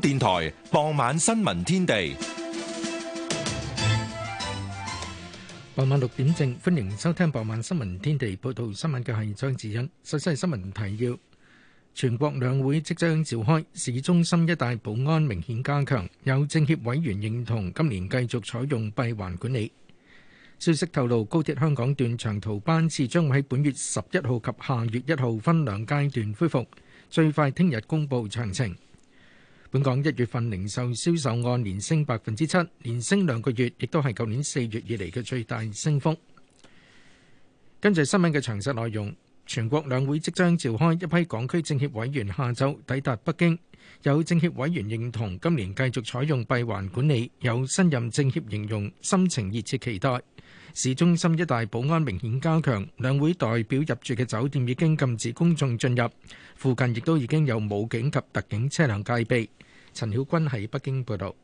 電台傍晚新聞天地，傍晚六點正，歡迎收聽傍晚新聞天地。報道新聞嘅係張智欣。詳細新聞提要：全國兩會即將召開，市中心一帶保安明顯加強。有政協委員認同，今年繼續採用閉環管理。消息透露，高鐵香港段長途班次將會喺本月十一號及下月一號分兩階段恢復，最快聽日公布詳情。本港一月份零售銷售按年升百分之七，連升兩個月，亦都係舊年四月以嚟嘅最大升幅。跟住新聞嘅詳實內容，全國兩會即將召開，一批港區政協委員下晝抵達北京。有政協委員認同今年繼續採用閉環管理，有新任政協形容心情熱切期待。市中心一帶保安明顯加強，兩會代表入住嘅酒店已經禁止公眾進入，附近亦都已經有武警及特警車輛戒備。陳曉君喺北京報道。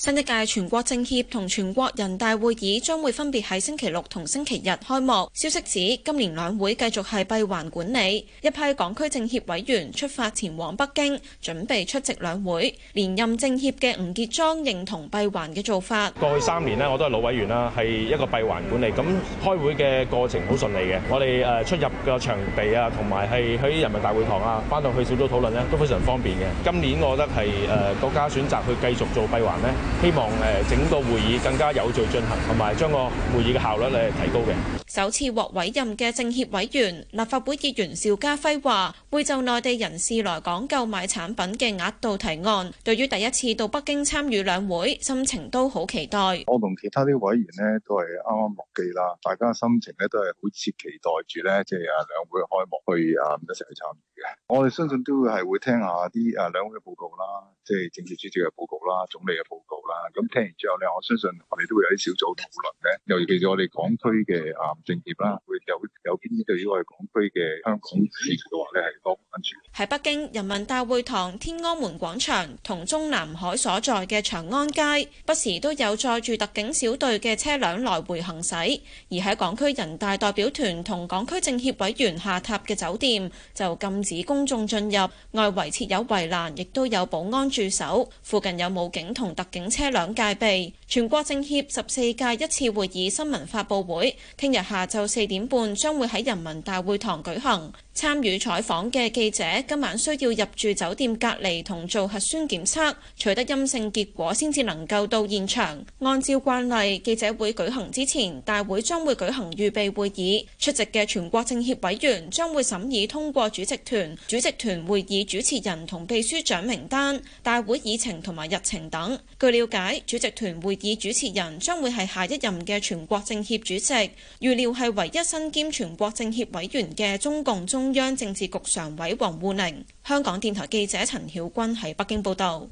新一屆全國政協同全國人大會議將會分別喺星期六同星期日開幕。消息指今年兩會繼續係閉環管理，一批港區政協委員出發前往北京，準備出席兩會。連任政協嘅吳傑莊認同閉環嘅做法。過去三年呢，我都係老委員啦，係一個閉環管理。咁開會嘅過程好順利嘅，我哋誒出入嘅場地啊，同埋係喺人民大會堂啊，翻到去小組討論呢，都非常方便嘅。今年我覺得係誒、呃、國家選擇去繼續做閉環呢。希望誒整個會議更加有序進行，同埋將個會議嘅效率咧提高嘅。首次獲委任嘅政協委員、立法會議員邵家輝話：會就內地人士來港購買產品嘅額度提案。對於第一次到北京參與兩會，心情都好期待。我同其他啲委員咧都係啱啱落機啦，大家心情咧都係好似期待住咧，即係啊兩會嘅開幕去啊唔一齊去參與嘅。我哋相信都係會聽下啲啊兩會嘅報告啦。即係政協主席嘅報告啦，總理嘅報告啦，咁聽完之後咧，我相信我哋都會有啲小組討論嘅。尤其是我哋港區嘅啊政協啦，會有有邊啲對於我哋港區嘅香港事嘅話咧係多關注。喺北京人民大會堂、天安門廣場同中南海所在嘅長安街，不時都有載住特警小隊嘅車輛來回行駛。而喺港區人大代表團同港區政協委員下榻嘅酒店，就禁止公眾進入，外圍設有圍欄，亦都有保安。駐守附近有武警同特警車輛戒備。全國政協十四屆一次會議新聞發佈會，聽日下晝四點半將會喺人民大會堂舉行。參與採訪嘅記者今晚需要入住酒店隔離同做核酸檢測，取得陰性結果先至能夠到現場。按照慣例，記者會舉行之前，大會將會舉行預備會議，出席嘅全國政協委員將會審議通過主席團、主席團會議主持人同秘書長名單、大會議程同埋日程等。據了解，主席團會議主持人將會係下一任嘅全國政協主席，預料係唯一身兼全國政協委員嘅中共中中央政治局常委王滬寧，香港電台記者陳曉君喺北京報道。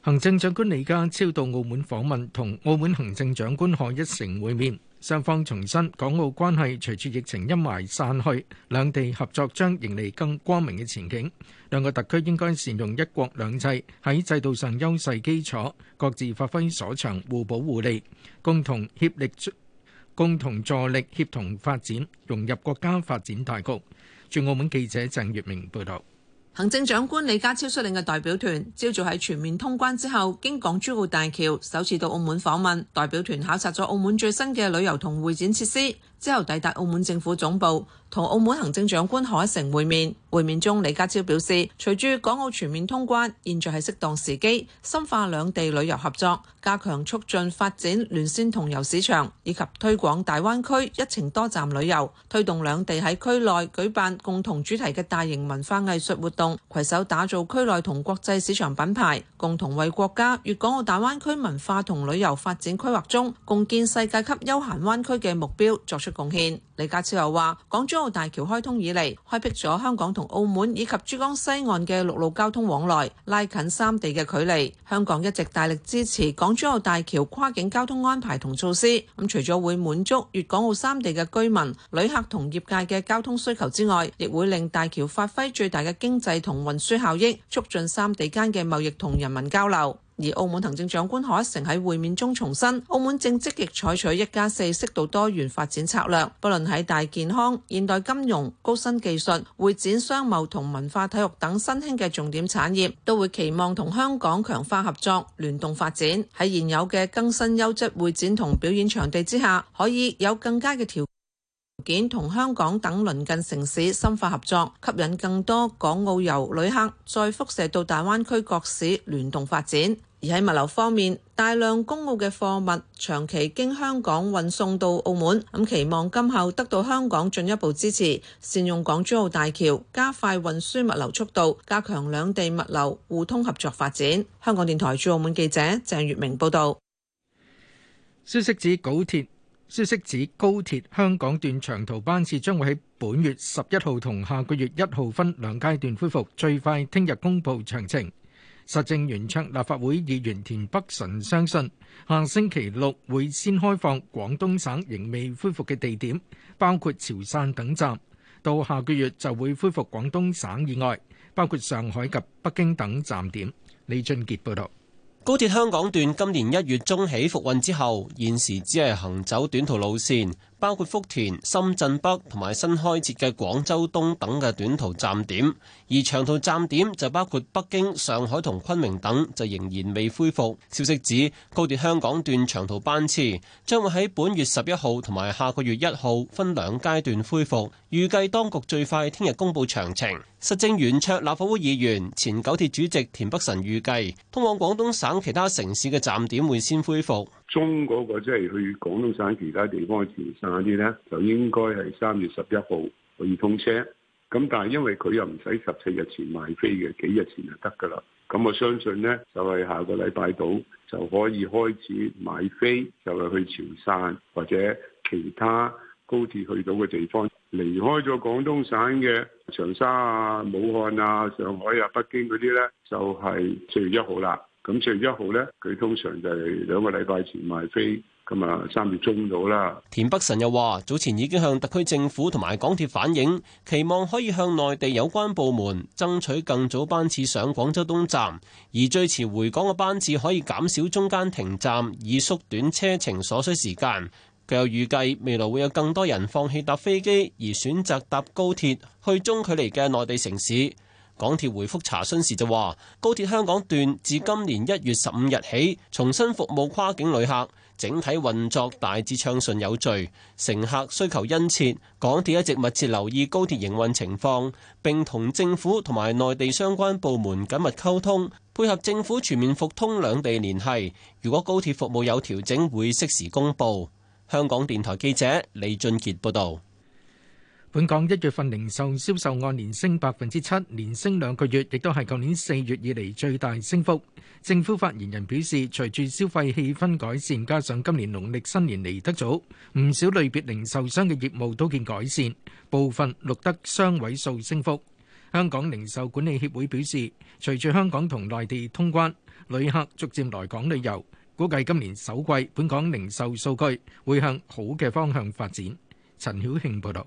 行政長官李家超到澳門訪問，同澳門行政長官賀一誠會面，雙方重申港澳關係隨住疫情陰霾散去，兩地合作將迎嚟更光明嘅前景。兩個特區應該善用一國兩制喺制度上優勢基礎，各自發揮所長，互補互利，共同協力，共同助力協同發展，融入國家發展大局。駐澳門記者鄭月明報道，行政長官李家超率領嘅代表團，朝早喺全面通關之後，經港珠澳大橋首次到澳門訪問。代表團考察咗澳門最新嘅旅遊同會展設施。之後抵達澳門政府總部，同澳門行政長官賀一誠會面。會面中，李家超表示，隨住港澳全面通關，現在係適當時機，深化兩地旅遊合作，加強促進發展聯線同遊市場，以及推廣大灣區一程多站旅遊，推動兩地喺區內舉辦共同主題嘅大型文化藝術活動，攜手打造區內同國際市場品牌，共同為國家粵港澳大灣區文化同旅遊發展規劃中共建世界級休閒灣區嘅目標作出貢獻，李家超又話，港珠澳大橋開通以嚟，開闢咗香港同澳門以及珠江西岸嘅陸路交通往來，拉近三地嘅距離。香港一直大力支持港珠澳大橋跨境交通安排同措施。咁除咗會滿足粵港澳三地嘅居民、旅客同業界嘅交通需求之外，亦會令大橋發揮最大嘅經濟同運輸效益，促進三地間嘅貿易同人民交流。而澳門行政長官賀一誠喺會面中重申，澳門正積極採取一加四適度多元發展策略，不論喺大健康、現代金融、高新技術、會展商貿同文化體育等新興嘅重點產業，都會期望同香港強化合作，聯動發展。喺現有嘅更新優質會展同表演場地之下，可以有更加嘅條件同香港等鄰近城市深化合作，吸引更多港澳遊旅客，再輻射到大灣區各市聯動發展。而喺物流方面，大量公澳嘅貨物長期經香港運送到澳門，咁、嗯、期望今後得到香港進一步支持，善用港珠澳大橋，加快運輸物流速度，加強兩地物流互通合作發展。香港電台駐澳門記者鄭月明報道。消息指高鐵消息指高鐵香港段長途班次將會喺本月十一號同下個月一號分兩階段恢復，最快聽日公布詳情。實政圓桌立法會議員田北辰相信，下星期六會先開放廣東省仍未恢復嘅地點，包括潮汕等站，到下個月就會恢復廣東省以外，包括上海及北京等站點。李俊傑報導，高鐵香港段今年一月中起復運之後，現時只係行走短途路線。包括福田、深圳北同埋新開設嘅廣州東等嘅短途站點，而長途站點就包括北京、上海同昆明等，就仍然未恢復。消息指，高鐵香港段長途班次將會喺本月十一號同埋下個月一號分兩階段恢復，預計當局最快聽日公布詳情。實政圓桌立法會議員、前九鐵主席田北辰預計通往廣東省其他城市嘅站點會先恢復中嗰個，即係去廣東省其他地方嘅潮汕啲咧，就應該係三月十一號可以通車。咁但係因為佢又唔使十四日前買飛嘅，幾日前就得㗎啦。咁我相信呢，就係下個禮拜到就可以開始買飛，就係去潮汕或者其他高鐵去到嘅地方。離開咗廣東省嘅長沙啊、武漢啊、上海啊、北京嗰啲呢，就係四月一號啦。咁四月一號呢，佢通常就係兩個禮拜前買飛。咁啊，三月中到啦。田北辰又話早前已經向特區政府同埋港鐵反映，期望可以向內地有關部門爭取更早班次上廣州東站，而最遲回港嘅班次可以減少中間停站，以縮短車程所需時間，佢又預計未來會有更多人放棄搭飛機，而選擇搭高鐵去中距離嘅內地城市。港鐵回復查詢時就話高鐵香港段自今年一月十五日起重新服務跨境旅客。整體運作大致暢順有序，乘客需求殷切。港鐵一直密切留意高鐵營運情況，並同政府同埋內地相關部門緊密溝通，配合政府全面復通兩地聯繫。如果高鐵服務有調整，會適時公佈。香港電台記者李俊傑報導。本港一月份零售銷售按年升百分之七，連升兩個月，亦都係舊年四月以嚟最大升幅。政府發言人表示，隨住消費氣氛改善，加上今年農曆新年嚟得早，唔少類別零售商嘅業務都見改善，部分錄得雙位數升幅。香港零售管理協會表示，隨住香港同內地通關，旅客逐漸來港旅遊，估計今年首季本港零售數據會向好嘅方向發展。陳曉慶報道。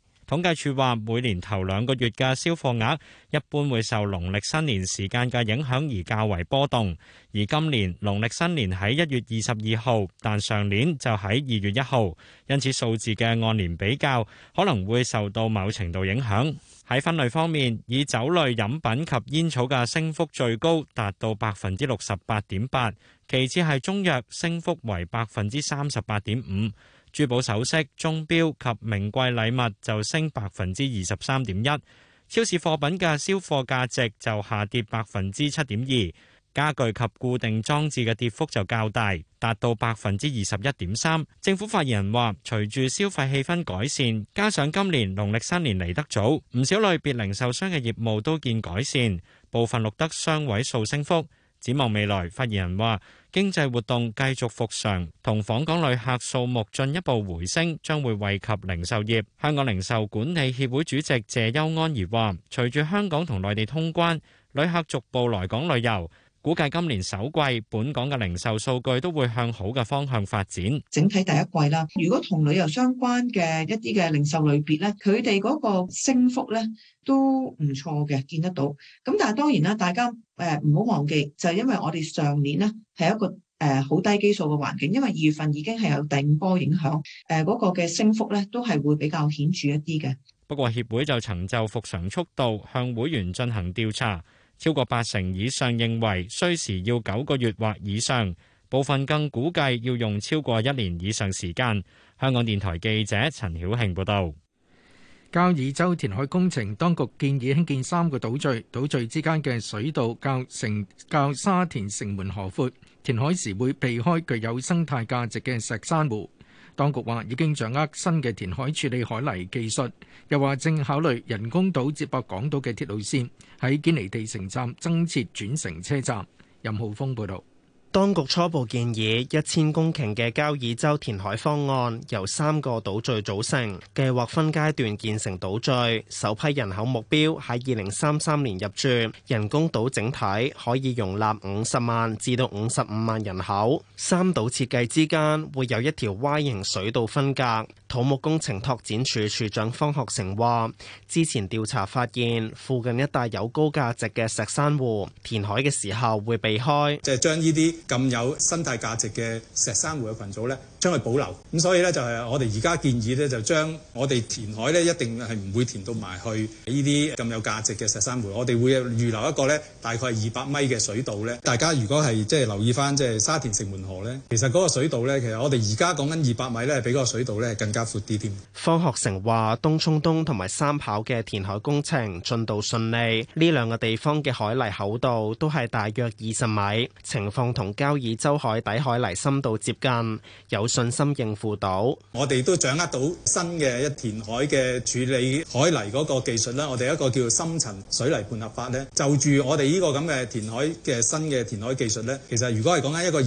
統計處話，每年頭兩個月嘅銷貨額一般會受農曆新年時間嘅影響而較為波動，而今年農曆新年喺一月二十二號，但上年就喺二月一號，因此數字嘅按年比較可能會受到某程度影響。喺分類方面，以酒類飲品及煙草嘅升幅最高，達到百分之六十八點八，其次係中藥升幅為百分之三十八點五。珠寶首飾、鐘錶及名貴禮物就升百分之二十三點一，超市貨品嘅銷貨價值就下跌百分之七點二，家具及固定裝置嘅跌幅就較大，達到百分之二十一點三。政府發言人話，隨住消費氣氛改善，加上今年農曆新年嚟得早，唔少類別零售商嘅業務都見改善，部分錄得雙位數升幅。展望未來，發言人話，經濟活動繼續復常，同訪港旅客數目進一步回升，將會惠及零售業。香港零售管理協會主席謝邱安儀話：隨住香港同內地通關，旅客逐步來港旅遊。估計今年首季本港嘅零售數據都會向好嘅方向發展。整體第一季啦，如果同旅遊相關嘅一啲嘅零售類別咧，佢哋嗰個升幅咧都唔錯嘅，見得到。咁但係當然啦，大家誒唔好忘記，就係因為我哋上年咧係一個誒好低基數嘅環境，因為二月份已經係有第五波影響，誒嗰個嘅升幅咧都係會比較顯著一啲嘅。不過協會就曾就復常速度向會員進行調查。超過八成以上認為需時要九個月或以上，部分更估計要用超過一年以上時間。香港電台記者陳曉慶報導。交椅洲填海工程當局建議興建三個島嶼，島嶼之間嘅水道較城較沙田城門河闊，填海時會避開具有生態價值嘅石珊瑚。當局話已經掌握新嘅填海處理海泥技術，又話正考慮人工島接駁港島嘅鐵路線，喺堅尼地城站增設轉乘車站。任浩峰報導。當局初步建議一千公頃嘅交椅洲填海方案由三個島嶼組成，計劃分階段建成島嶼。首批人口目標喺二零三三年入住。人工島整體可以容納五十萬至到五十五萬人口。三島設計之間會有一條 Y 形水道分隔。土木工程拓展處處長方學成話：之前調查發現附近一帶有高價值嘅石珊瑚，填海嘅時候會避開，就係將呢啲。咁有生態價值嘅石珊瑚嘅群組咧，將佢保留，咁所以咧就係我哋而家建議咧，就將我哋填海咧一定係唔會填到埋去呢啲咁有價值嘅石珊瑚。我哋會預留一個呢，大概二百米嘅水道呢，大家如果係即係留意翻，即係沙田城門河呢，其實嗰個水道呢，其實我哋而家講緊二百米咧，比嗰個水道呢更加闊啲添。方學成話：東涌東同埋三跑嘅填海工程進度順利，呢兩個地方嘅海泥厚度都係大約二十米，情況同交椅洲海底海泥深度接近有。信心應付到，我哋都掌握到新嘅一填海嘅處理海泥嗰個技術啦。我哋一個叫深層水泥拌合法呢，就住我哋呢個咁嘅填海嘅新嘅填海技術呢，其實如果係講緊一個二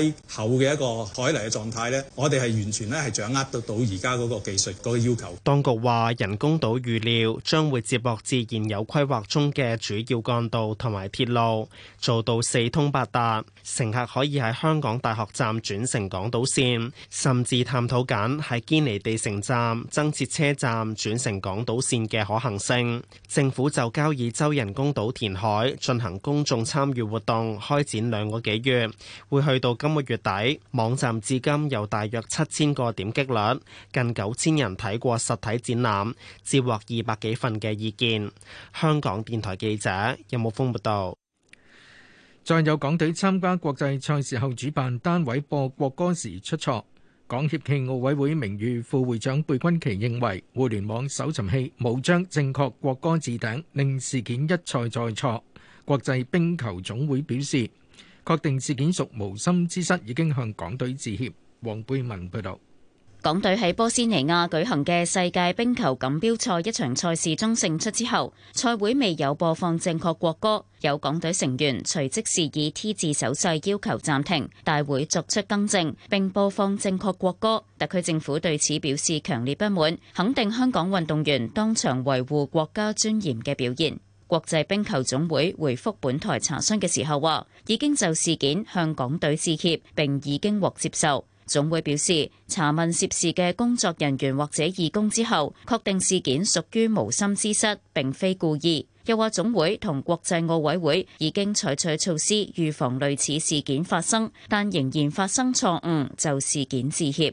十米厚嘅一個海泥嘅狀態呢，我哋係完全呢係掌握得到而家嗰個技術嗰個要求。當局話人工島預料將會接駁至現有規劃中嘅主要幹道同埋鐵路，做到四通八達，乘客可以喺香港大學站轉乘港島線。甚至探討緊喺堅尼地城站增設車站轉乘港島線嘅可行性。政府就交椅洲人工島填海進行公眾參與活動，開展兩個幾月，會去到今個月底。網站至今有大約七千個點擊率，近九千人睇過實體展覽，接獲二百幾份嘅意見。香港電台記者任木峰報道。有再有港隊參加國際賽事後，主辦單位播國歌時出錯，港協暨奧委會名譽副會長貝君奇認為互聯網搜尋器冇將正確國歌置頂，令事件一錯再錯，國際冰球總會表示，確定事件屬無心之失，已經向港隊致歉。黃貝文報道。港隊喺波斯尼亞舉行嘅世界冰球錦標賽一場賽事中勝出之後，賽會未有播放正確國歌，有港隊成員隨即示意 T 字手勢要求暫停，大會作出更正並播放正確國歌。特區政府對此表示強烈不滿，肯定香港運動員當場維護國家尊嚴嘅表現。國際冰球總會回覆本台查詢嘅時候話，已經就事件向港隊致歉，並已經獲接受。總會表示，查問涉事嘅工作人員或者義工之後，確定事件屬於無心之失，並非故意。又話總會同國際奧委會已經採取措施預防類似事件發生，但仍然發生錯誤，就事件致歉。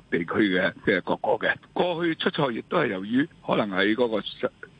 地區嘅即係國歌嘅過去出賽亦都係由於可能喺嗰個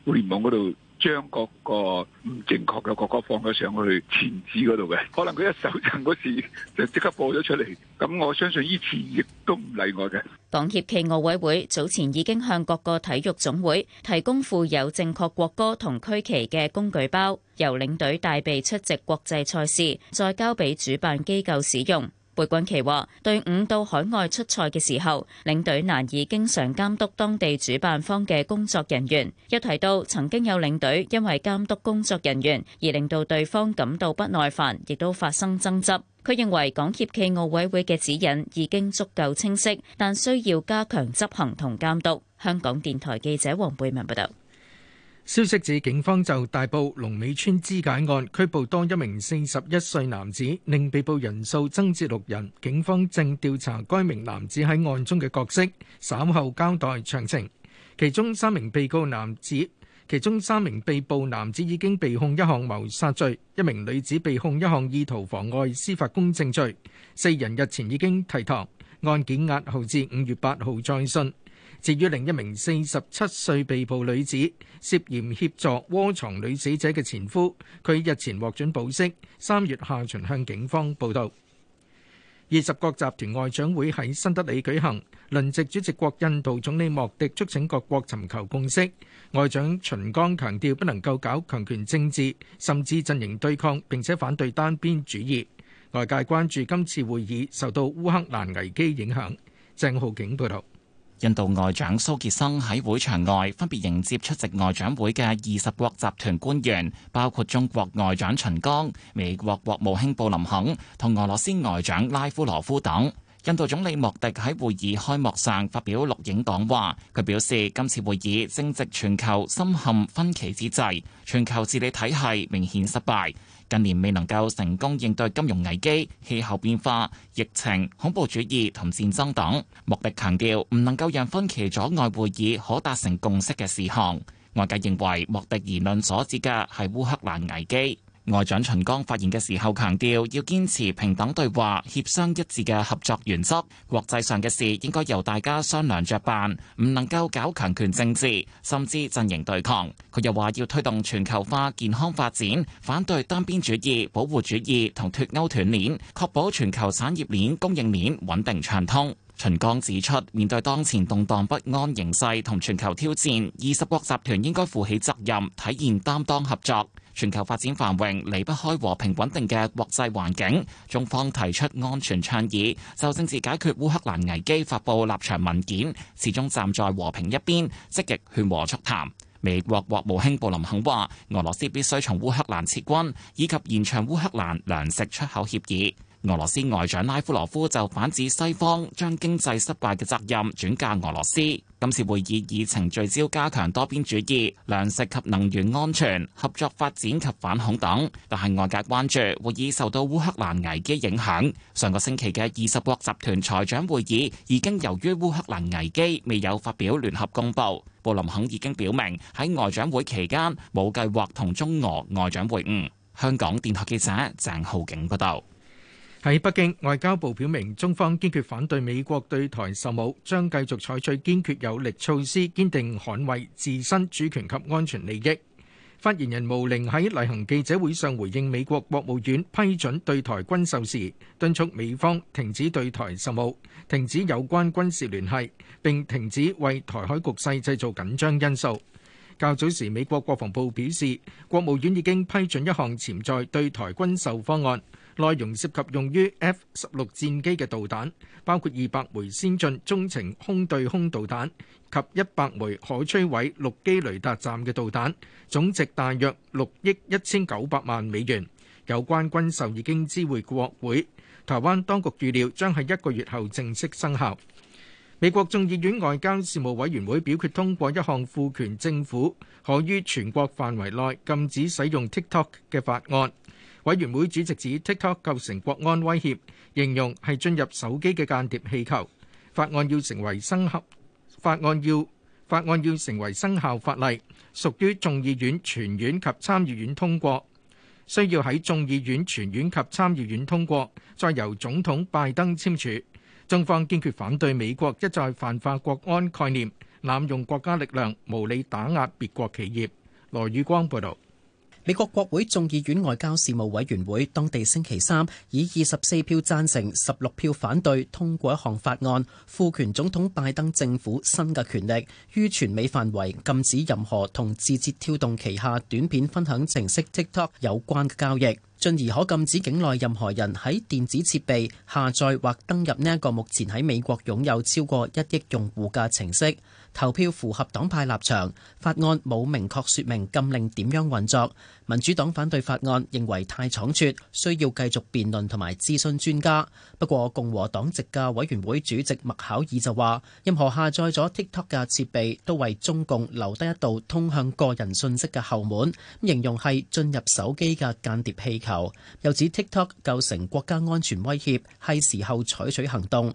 互聯網嗰度將嗰個唔正確嘅國歌放咗上去前置嗰度嘅，可能佢一手唱嗰時就即刻播咗出嚟。咁我相信呢次亦都唔例外嘅。港協暨奧委會會早前已經向各個體育總會提供附有正確國歌同區旗嘅工具包，由領隊帶備出席國際賽事，再交俾主辦機構使用。貝君琪話，隊伍到海外出賽嘅時候，領隊難以經常監督當地主辦方嘅工作人員。又提到曾經有領隊因為監督工作人員而令到對方感到不耐煩，亦都發生爭執。佢認為港協暨奧委會嘅指引已經足夠清晰，但需要加強執行同監督。香港電台記者黃貝文報道。消息指，警方就大埔龍尾村肢解案拘捕多一名四十一歲男子，令被捕人數增至六人。警方正調查該名男子喺案中嘅角色，稍後交代詳情。其中三名被告男子，其中三名被捕男子已經被控一項謀殺罪，一名女子被控一項意圖妨礙司法公正罪。四人日前已經提堂，案件押後至五月八號再訊。至於另一名四十七歲被捕女子，涉嫌協助窩藏女死者嘅前夫，佢日前獲准保釋。三月下旬向警方報道。二十國集團外長會喺新德里舉行，輪值主席國印度總理莫迪促請各國尋求共識。外長秦剛強調，不能夠搞強權政治，甚至陣營對抗，並且反對單邊主義。外界關注今次會議受到烏克蘭危機影響。鄭浩景報道。印度外長蘇杰生喺會場外分別迎接出席外長會嘅二十國集團官員，包括中國外長秦剛、美國國務卿布林肯同俄羅斯外長拉夫羅夫等。印度總理莫迪喺會議開幕上發表錄影講話，佢表示今次會議正值全球深陷分歧之際，全球治理體系明顯失敗。近年未能夠成功應對金融危機、氣候變化、疫情、恐怖主義同戰爭等。莫迪強調，唔能夠讓分歧阻礙會議可達成共識嘅事項。外界認為，莫迪言論所指嘅係烏克蘭危機。外長秦剛發言嘅時候強調，要堅持平等對話、協商一致嘅合作原則。國際上嘅事應該由大家商量着辦，唔能夠搞強權政治，甚至陣營對抗。佢又話要推動全球化健康發展，反對單邊主義、保護主義同脱歐斷鏈，確保全球產業鏈、供應鏈穩定暢通。秦剛指出，面對當前動蕩不安形勢同全球挑戰，二十國集團應該負起責任，體現擔當合作。全球發展繁榮離不開和平穩定嘅國際環境，中方提出安全倡議，就政治解決烏克蘭危機發布立場文件，始終站在和平一邊，積極勸和促談。美國國務卿布林肯話，俄羅斯必須從烏克蘭撤軍，以及延長烏克蘭糧食出口協議。俄羅斯外長拉夫羅夫就反指西方將經濟失敗嘅責任轉嫁俄羅斯。今次會議議程聚焦加強多邊主義、糧食及能源安全、合作發展及反恐等，但係外界關注會議受到烏克蘭危機影響。上個星期嘅二十國集團財長會議已經由於烏克蘭危機未有發表聯合公佈，布林肯已經表明喺外長會期間冇計劃同中俄外長會晤。香港電台記者鄭浩景報道。喺北京，外交部表明中方堅決反對美國對台售武，將繼續採取堅決有力措施，堅定捍衛自身主權及安全利益。發言人毛寧喺例行記者會上回應美國國務院批准對台軍售時，敦促美方停止對台售武，停止有關軍事聯繫，並停止為台海局勢製造緊張因素。較早時，美國國防部表示，國務院已經批准一項潛在對台軍售方案。內容涉及用於 F 十六戰機嘅導彈，包括二百枚先進中程空對空導彈及一百枚可摧毀陸基雷達站嘅導彈，總值大約六億一千九百萬美元。有關軍售已經知會國會，台灣當局預料將喺一個月後正式生效。美國眾議院外交事務委員會表決通過一項賦權政府可於全國範圍內禁止使用 TikTok 嘅法案。委員會主席指 TikTok 構成國安威脅，形容係進入手機嘅間諜氣球。法案要成為生效，法案要法案要成為生效法例，屬於眾議院全院及參議院通過，需要喺眾議院全院及參議院通過，再由總統拜登簽署。中方堅決反對美國一再泛化國安概念，濫用國家力量，無理打壓別國企業。羅宇光報導。美國國會眾議院外交事務委員會當地星期三以二十四票贊成、十六票反對通過一項法案，賦權總統拜登政府新嘅權力，於全美範圍禁止任何同字節跳動旗下短片分享程式 TikTok 有關嘅交易。進而可禁止境內任何人喺電子設備下載或登入呢一個目前喺美國擁有超過一億用戶嘅程式。投票符合黨派立場，法案冇明確說明禁令點樣運作。民主黨反對法案，認為太倉促，需要繼續辯論同埋諮詢專家。不過，共和黨籍嘅委員會主席麥考爾就話：任何下載咗 TikTok 嘅設備，都為中共留得一道通向個人信息嘅後門。形容係進入手機嘅間諜氣球，又指 TikTok 構成國家安全威脅，係時候採取行動。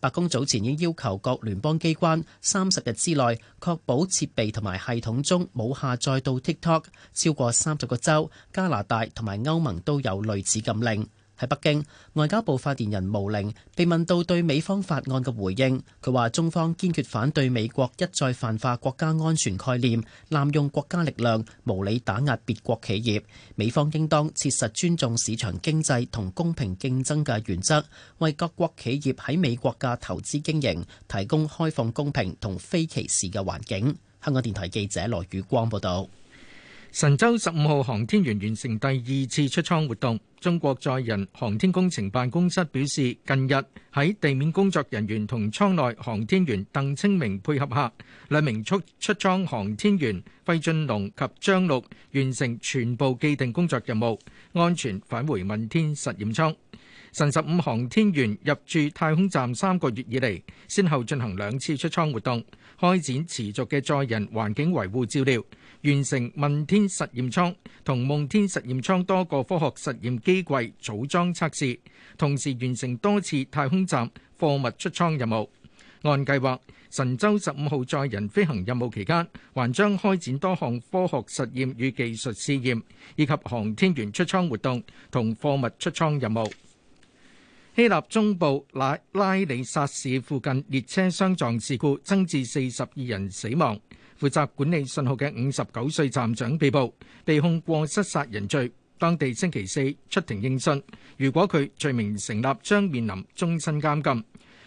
白宮早前已經要求各聯邦機關三十日之內確保設備同埋系統中冇下載到 TikTok。超過三十個州、加拿大同埋歐盟都有類似禁令。喺北京，外交部發言人毛寧被問到對美方法案嘅回應，佢話：中方堅決反對美國一再泛化國家安全概念，濫用國家力量無理打壓別國企業。美方應當切實尊重市場經濟同公平競爭嘅原則，為各國企業喺美國嘅投資經營提供開放、公平同非歧視嘅環境。香港電台記者羅宇光報道。神舟十五號航天員完成第二次出艙活動。中國載人航天工程辦公室表示，近日喺地面工作人員同艙內航天員鄧清明配合下，兩名出出艙航天員費俊龍及張陸完成全部既定工作任務，安全返回問天實驗艙。神十五航天員入住太空站三個月以嚟，先後進行兩次出艙活動，開展持續嘅載人環境維護照料。完成問天實驗艙同夢天實驗艙多個科學實驗機櫃組裝測試，同時完成多次太空站貨物出艙任務。按計劃神舟十五號載人飛行任務期間還將開展多項科學實驗與技術試驗，以及航天員出艙活動同貨物出艙任務。希臘中部拉拉里薩市附近列車相撞事故增至四十二人死亡，負責管理信號嘅五十九歲站長被捕，被控過失殺人罪，當地星期四出庭應訊。如果佢罪名成立，將面臨終身監禁。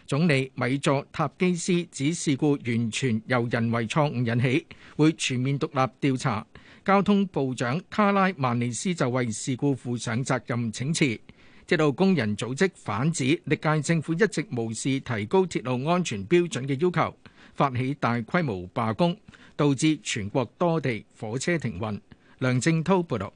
總理米佐塔基斯指事故完全由人為錯誤引起，會全面獨立調查。交通部長卡拉曼尼斯就為事故負上責任請辭。鐵路工人組織反指歷屆政府一直無視提高鐵路安全標準嘅要求，發起大規模罷工，導致全國多地火車停運。梁正滔報導。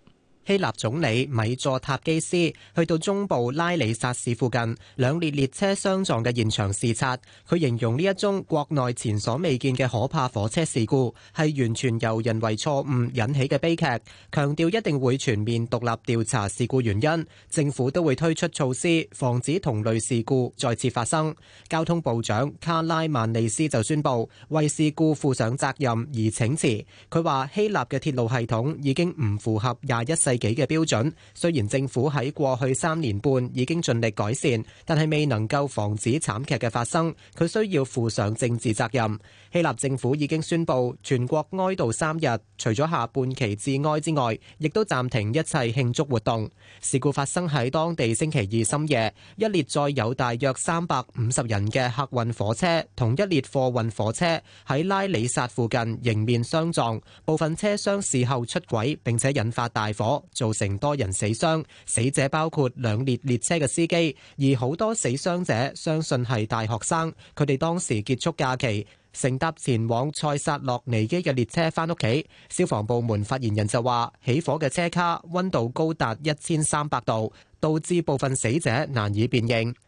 希臘總理米佐塔基斯去到中部拉里薩市附近兩列列車相撞嘅現場視察，佢形容呢一宗國內前所未見嘅可怕火車事故係完全由人為錯誤引起嘅悲劇，強調一定會全面獨立調查事故原因，政府都會推出措施防止同類事故再次發生。交通部長卡拉曼尼斯就宣布為事故負上責任而請辭，佢話希臘嘅鐵路系統已經唔符合廿一世。自己嘅標準，雖然政府喺過去三年半已經盡力改善，但係未能夠防止慘劇嘅發生，佢需要負上政治責任。希臘政府已經宣布全國哀悼三日，除咗下半旗致哀之外，亦都暫停一切慶祝活動。事故發生喺當地星期二深夜，一列載有大約三百五十人嘅客運火車同一列貨運火車喺拉里薩附近迎面相撞，部分車廂事後出軌並且引發大火，造成多人死傷。死者包括兩列列車嘅司機，而好多死傷者相信係大學生，佢哋當時結束假期。乘搭前往塞薩洛尼基嘅列車翻屋企，消防部門發言人就話：起火嘅車卡溫度高達一千三百度，導致部分死者難以辨認。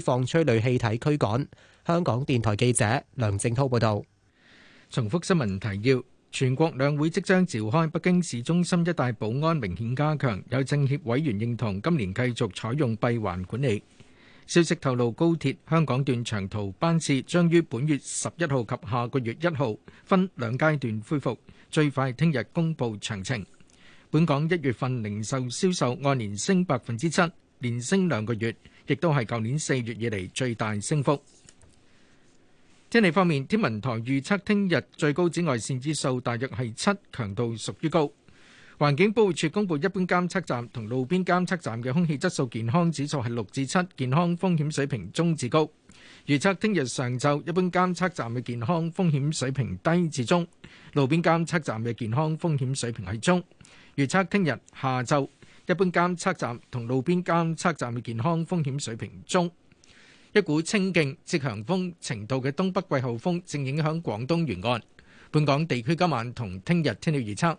放催淚氣體驅趕。香港電台記者梁靜濤報道。重複新聞提要：全國兩會即將召開，北京市中心一帶保安明顯加強。有政協委員認同今年繼續採用閉環管理。消息透露，高鐵香港段長途班次將於本月十一號及下個月一號分兩階段恢復，最快聽日公布詳情。本港一月份零售銷售按年升百分之七，連升兩個月。亦都係舊年四月以嚟最大升幅。天氣方面，天文台預測聽日最高紫外線指數大約係七，強度屬於高。環境保護署公布一般監測站同路邊監測站嘅空氣質素健康指數係六至七，健康風險水平中至高。預測聽日上晝一般監測站嘅健康風險水平低至中，路邊監測站嘅健康風險水平係中。預測聽日下晝，一般監測站同路邊監測站嘅健康風險水平中。一股清勁至強風程度嘅東北季候風正影響廣東沿岸。本港地區今晚同聽日天氣預測，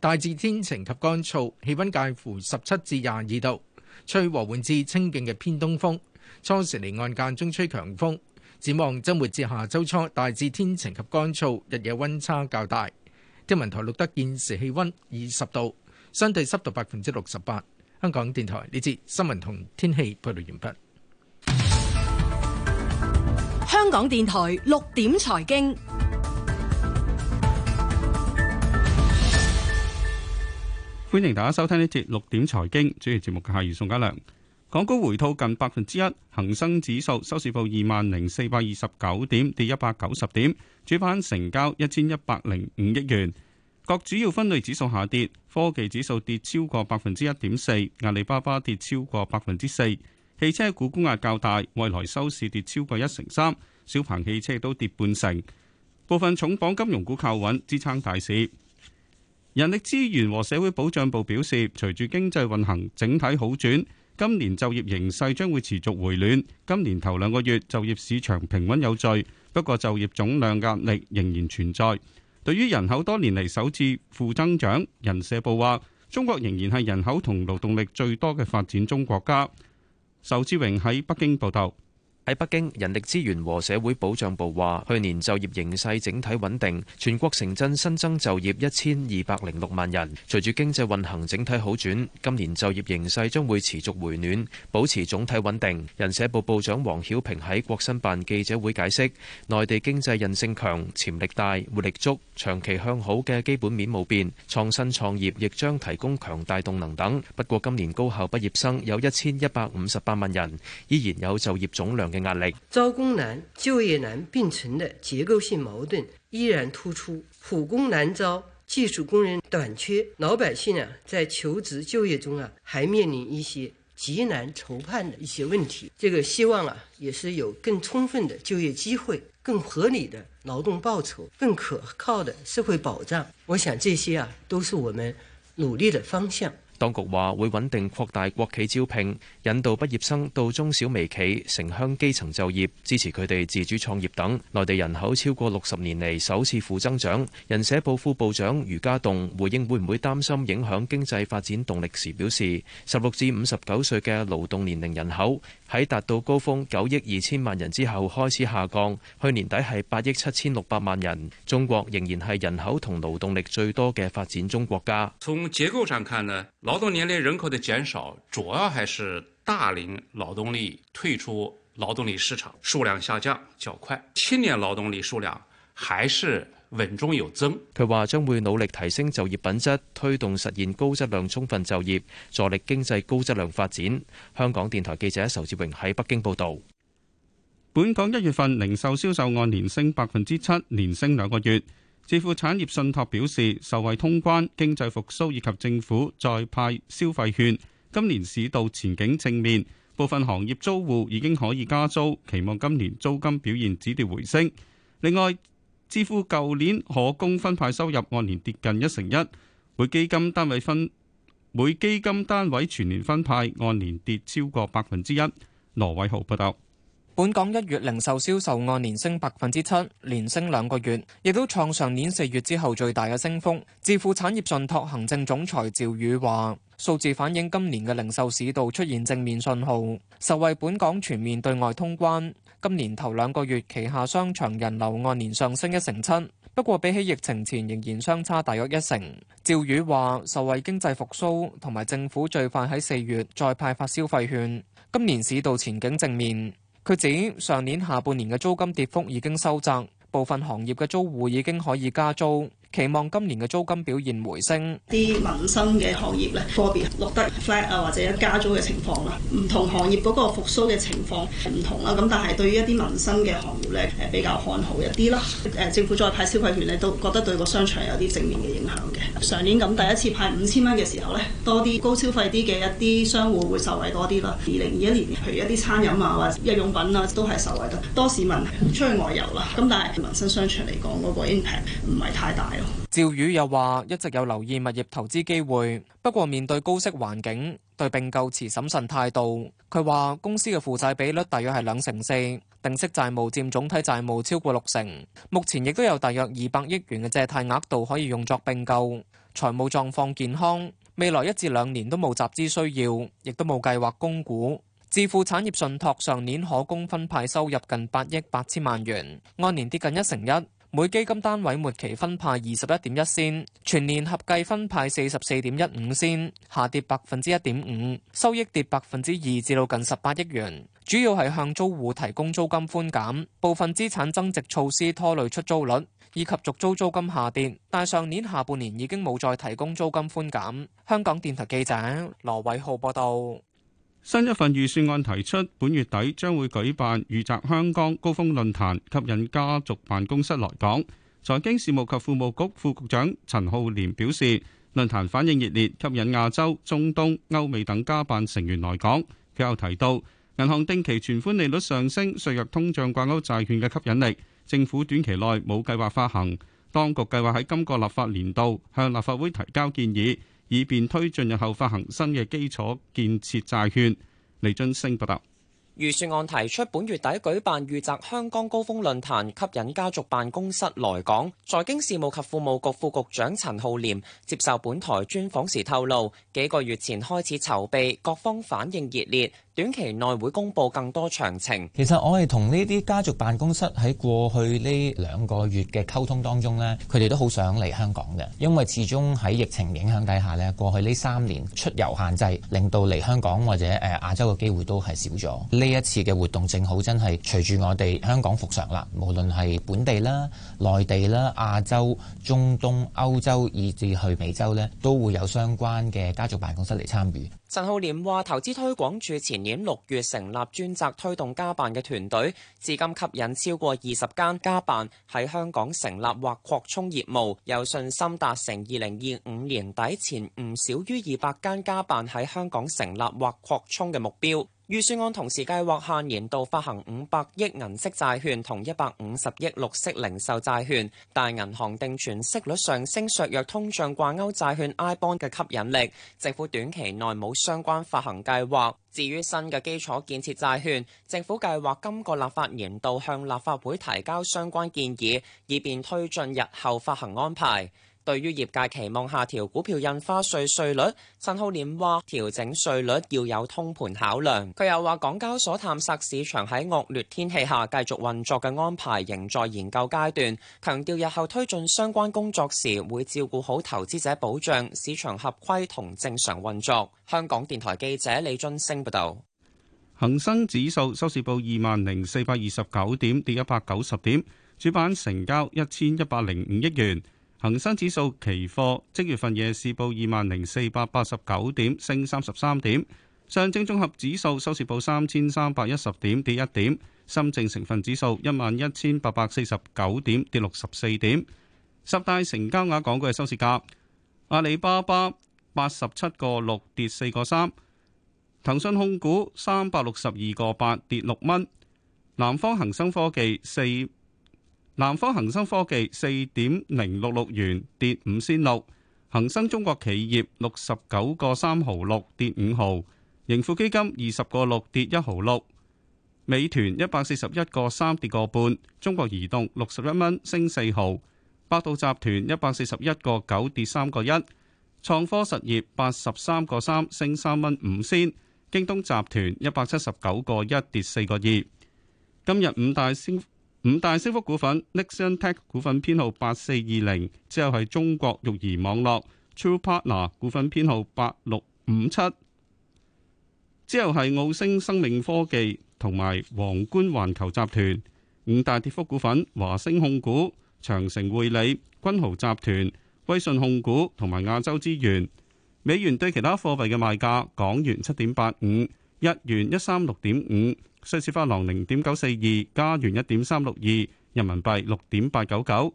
大致天晴及乾燥，氣溫介乎十七至廿二度，吹和緩至清勁嘅偏東風，初時離岸間中吹強風，展望周末至下周初，大致天晴及乾燥，日夜溫差較大。天文台錄得現時氣溫二十度。相對濕度百分之六十八。香港電台呢節新聞同天氣報道完畢。香港電台六點財經，歡迎大家收聽呢節六點財經。主持節目嘅係宋家良。港股回吐近百分之一，恒生指數收市報二萬零四百二十九點，跌一百九十點，主板成交一千一百零五億元。各主要分類指數下跌，科技指數跌超過百分之一點四，阿里巴巴跌超過百分之四。汽車股沽壓較大，蔚來收市跌超過一成三，小鵬汽車都跌半成。部分重磅金融股靠穩支撐大市。人力資源和社會保障部表示，隨住經濟運行整體好轉，今年就業形勢將會持續回暖。今年頭兩個月就業市場平穩有序，不過就業總量壓力仍然存在。對於人口多年嚟首次負增長，人社部話，中國仍然係人口同勞動力最多嘅發展中國家。仇志榮喺北京報道。喺北京，人力資源和社會保障部話，去年就業形勢整體穩定，全國城鎮新增就業一千二百零六萬人。隨住經濟運行整體好轉，今年就業形勢將會持續回暖，保持總體穩定。人社部部長王曉平喺國新辦記者會解釋，內地經濟韌性強、潛力大、活力足，長期向好嘅基本面冇變，創新創業亦將提供強大動能等。不過，今年高校畢業生有一千一百五十八萬人，依然有就業總量的壓力，招工難、就業難並存的結構性矛盾依然突出，普工難招，技術工人短缺，老百姓啊，在求職就業中啊，還面臨一些極難籌盼的一些問題。這個希望啊，也是有更充分的就業機會、更合理的勞動報酬、更可靠的社會保障。我想這些啊，都是我們努力的方向。當局話會穩定擴大國企招聘，引導畢業生到中小微企、城鄉基層就業，支持佢哋自主創業等。內地人口超過六十年嚟首次負增長，人社部副部長余家棟回應會唔會擔心影響經濟發展動力時表示：十六至五十九歲嘅勞動年齡人口。喺達到高峰九億二千萬人之後開始下降，去年底係八億七千六百萬人。中國仍然係人口同勞動力最多嘅發展中國家。從結構上看呢，勞動年齡人口的減少主要還是大齡勞動力退出勞動力市場，數量下降較快。青年勞動力數量還是穩中有增，佢話將會努力提升就業品質，推動實現高質量充分就業，助力經濟高質量發展。香港電台記者仇志榮喺北京報道。本港一月份零售銷售按年升百分之七，連升兩個月。致富產業信託表示，受惠通關，經濟復甦以及政府再派消費券，今年市道前景正面，部分行業租戶已經可以加租，期望今年租金表現止跌回升。另外，置富舊年可供分派收入按年跌近一成一，每基金單位分每基金單位全年分派按年跌超過百分之一。羅偉豪報導。本港一月零售銷售按年升百分之七，連升兩個月，亦都創上年四月之後最大嘅升幅。置富產業信託行政總裁趙宇話：數字反映今年嘅零售市道出現正面信號，受惠本港全面對外通關。今年頭兩個月旗下商場人流按年上升一成七，不過比起疫情前仍然相差大約一成。趙宇話：受惠經濟復甦同埋政府最快喺四月再派發消費券，今年市道前景正面。佢指上年下半年嘅租金跌幅已經收窄，部分行業嘅租戶已經可以加租。期望今年嘅租金表現回升。啲民生嘅行業咧，貨幣錄得 flat 啊，或者一加租嘅情況啦。唔同行業嗰個復甦嘅情況唔同啦。咁但係對於一啲民生嘅行業咧，誒比較看好一啲啦。誒政府再派消費券咧，都覺得對個商場有啲正面嘅影響嘅。上年咁第一次派五千蚊嘅時候咧，多啲高消費啲嘅一啲商戶會受惠多啲啦。二零二一年譬如一啲餐飲啊，或者日用品啊，都係受惠得多市民出去外遊啦。咁但係民生商場嚟講，嗰個 impact 唔係太大。趙宇又話：一直有留意物業投資機會，不過面對高息環境，對併購持審慎態度。佢話公司嘅負債比率大約係兩成四，定息債務佔總體債務超過六成。目前亦都有大約二百億元嘅借貸額度可以用作併購，財務狀況健康。未來一至兩年都冇集資需要，亦都冇計劃供股。置富產業信託上年可供分派收入近八億八千萬元，按年跌近一成一。每基金單位末期分派二十一點一仙，全年合計分派四十四點一五仙，下跌百分之一點五，收益跌百分之二，至到近十八億元。主要係向租戶提供租金寬減，部分資產增值措施拖累出租率，以及續租租金下跌。但上年下半年已經冇再提供租金寬減。香港電台記者羅偉浩報道。新一份預算案提出，本月底將會舉辦預集香港高峰論壇，吸引家族辦公室來港。財經事務及庫務局副局長陳浩濂表示，論壇反應熱烈，吸引亞洲、中東、歐美等家辦成員來港。佢又提到，銀行定期存款利率上升，削弱通脹掛鈎債券嘅吸引力。政府短期內冇計劃發行，當局計劃喺今個立法年度向立法會提交建議。以便推進日後發行新嘅基礎建設債券。李津升報道。預算案提出，本月底舉辦預測香港高峰論壇，吸引家族辦公室來港。財經事務及庫務局副，副，副局長陳浩廉接受本台專訪時透露，幾個月前開始籌備，各方反應熱烈。短期內會公布更多詳情。其實我係同呢啲家族辦公室喺過去呢兩個月嘅溝通當中呢，佢哋都好想嚟香港嘅，因為始終喺疫情影響底下呢，過去呢三年出遊限制，令到嚟香港或者誒亞洲嘅機會都係少咗。呢一次嘅活動正好真係隨住我哋香港復常啦，無論係本地啦、內地啦、亞洲、中東、歐洲，以至去美洲呢，都會有相關嘅家族辦公室嚟參與。陳浩廉話，投資推廣處前年六月成立專責推動家辦嘅團隊，至今吸引超過二十間家辦喺香港成立或擴充業務，有信心達成二零二五年底前唔少於二百間家辦喺香港成立或擴充嘅目標。預算案同時計劃下年度發行五百億銀色債券同一百五十億綠色零售債券，但銀行定存息率上升削弱通脹掛鉤債券 I bond 嘅吸引力。政府短期內冇相關發行計劃。至於新嘅基礎建設債券，政府計劃今個立法年度向立法會提交相關建議，以便推進日後發行安排。對於業界期望下調股票印花稅稅率，陳浩廉話調整稅率要有通盤考量。佢又話，港交所探索市場喺惡劣天氣下繼續運作嘅安排，仍在研究階段，強調日後推進相關工作時會照顧好投資者保障市場合規同正常運作。香港電台記者李俊升報道。恒生指數收市報二萬零四百二十九點，跌一百九十點，主板成交一千一百零五億元。恒生指數期貨即月份夜市報二萬零四百八十九點，升三十三點。上證綜合指數收市報三千三百一十點，跌一點。深證成分指數一萬一千八百四十九點，跌六十四點。十大成交額港股嘅收市價：阿里巴巴八十七個六跌四個三，騰訊控股三百六十二個八跌六蚊，南方恒生科技四。南方恒生科技四點零六六元跌，跌五仙六；恒生中國企業六十九個三毫六，跌五毫；盈富基金二十個六，跌一毫六；美團一百四十一個三，跌個半；中國移動六十一蚊，升四毫；百度集團一百四十一個九，跌三個一；創科實業八十三個三，升三蚊五仙；京東集團一百七十九個一，跌四個二。今日五大升。五大升幅股份 Nixon Tech 股份編號八四二零，之後係中國育兒網絡 True Partner 股份編號八六五七，之後係澳星生命科技同埋皇冠環球集團。五大跌幅股份，華星控股、長城匯理、君豪集團、威信控股同埋亞洲資源。美元對其他貨幣嘅賣價，港元七點八五。日元一三六點五，瑞士法郎零點九四二，加元一點三六二，人民幣六點八九九，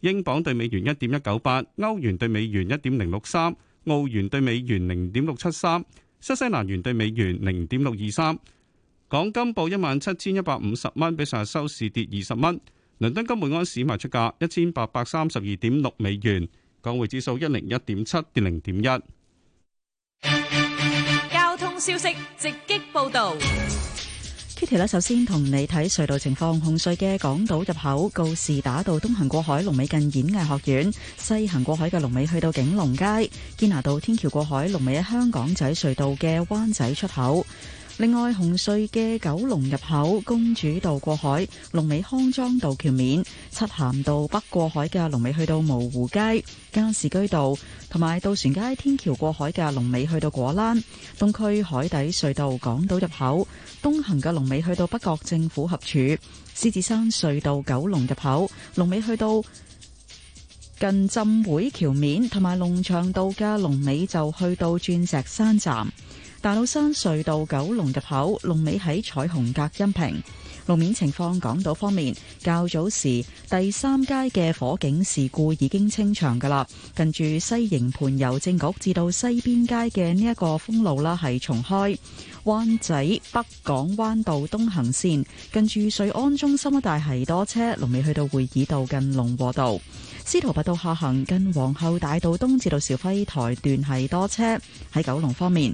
英鎊兌美元一點一九八，歐元兌美元一點零六三，澳元兌美元零點六七三，新西蘭元兌美元零點六二三。港金報一萬七千一百五十蚊，比上日收市市跌二十蚊。倫敦金每安士賣出價一千八百三十二點六美元，港匯指數一零一點七跌零點一。消息直擊報道，Kitty 啦，首先同你睇隧道情況，紅隧嘅港島入口告士打道東行過海龍尾近演藝學院，西行過海嘅龍尾去到景隆街堅拿道天橋過海龍尾喺香港仔隧道嘅灣仔出口。另外，紅隧嘅九龍入口、公主道過海、龍尾康莊道橋面、漆咸道北過海嘅龍尾去到蕪湖街、加士居道，同埋渡船街天橋過海嘅龍尾去到果欄、東區海底隧道港島入口、東行嘅龍尾去到北角政府合署、獅子山隧道九龍入口、龍尾去到近浸會橋面，同埋龍翔道嘅龍尾就去到鑽石山站。大老山隧道九龍入口，龍尾喺彩虹隔音屏。路面情況。港島方面，較早時第三街嘅火警事故已經清場噶啦。近住西營盤郵政局至到西邊街嘅呢一個封路啦，係重開。灣仔北港灣道東行線，近住瑞安中心一帶係多車，龍尾去到會議道近龍和道。司徒拔道下行近皇后大道東至到肇輝臺段係多車。喺九龍方面。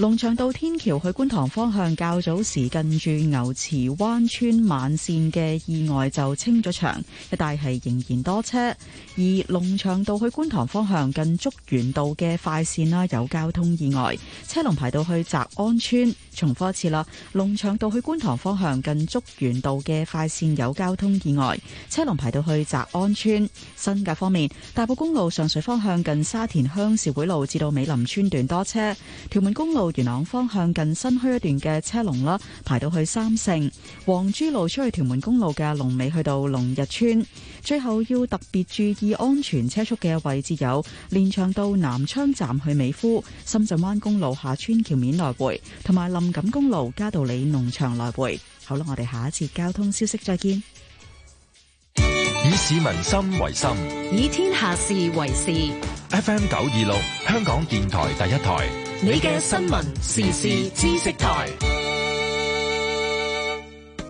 龍翔道天橋去觀塘方向較早時近住牛池灣村晚線嘅意外就清咗場，一帶係仍然多車。而龍翔道去觀塘方向近竹園道嘅快線啦，有交通意外，車龍排到去澤安村重複一次啦。龍翔道去觀塘方向近竹園道嘅快線有交通意外，車龍排到去澤安,安村。新界方面，大埔公路上水方向近沙田鄉事會路至到美林村段多車，屯門公路。元朗方向近新墟一段嘅車龍啦，排到去三聖黃珠路出去屯門公路嘅龍尾，去到龍日村。最後要特別注意安全車速嘅位置有連翔道南昌站去美孚、深圳灣公路下村橋面來回，同埋林錦公路加道理農場來回。好啦，我哋下一次交通消息再見。以市民心為心，以天下事為事。FM 九二六，香港電台第一台。你嘅新聞時事知識台，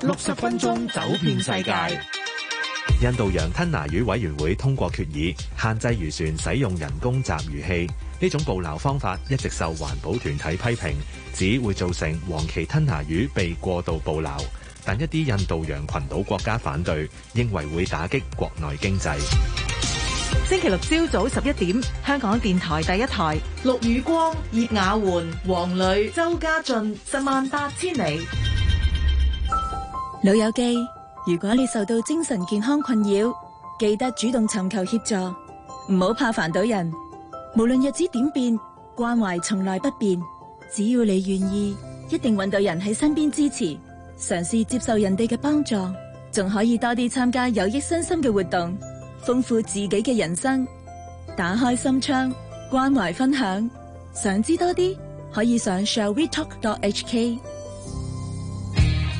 六十分鐘走遍世界。印度洋吞拿魚委員會通過決議，限制漁船使用人工集魚器。呢種捕撈方法一直受環保團體批評，只會造成黃鰭吞拿魚被過度捕撈。但一啲印度洋群島國家反對，認為會打擊國內經濟。星期六朝早十一點，香港電台第一台。陸宇光、葉雅媛、黃磊、周家俊，十萬八千里。老友記，如果你受到精神健康困擾，記得主動尋求協助，唔好怕煩到人。無論日子點變，關懷從來不變。只要你願意，一定揾到人喺身邊支持。嘗試接受人哋嘅幫助，仲可以多啲參加有益身心嘅活動。豐富自己嘅人生，打開心窗，關懷分享。想知多啲，可以上 shall we talk dot hk。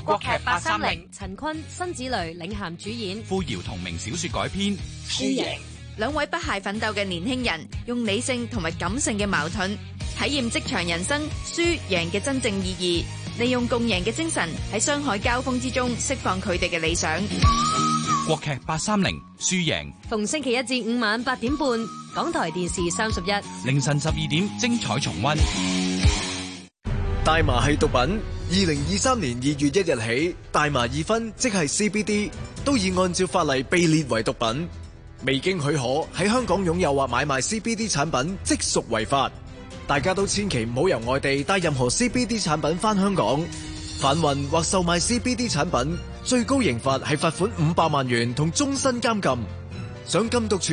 國劇八三零，陳坤、辛芷蕾領銜主演，傅瑤同名小說改編。輸贏，兩位不懈奮鬥嘅年輕人，用理性同埋感性嘅矛盾，體驗職場人生輸贏嘅真正意義。利用共贏嘅精神喺商海交鋒之中，釋放佢哋嘅理想。國劇八三零輸贏，逢星期一至五晚八點半，港台電視三十一，凌晨十二點精彩重温。大麻係毒品，二零二三年二月一日起，大麻二酚即係 CBD，都已按照法例被列為毒品，未經許可喺香港擁有或買賣 CBD 產品即屬違法。大家都千祈唔好由外地帶任何 CBD 產品返香港，販運或售賣 CBD 產品。最高刑罰係罰款五百萬元同終身監禁，想禁毒。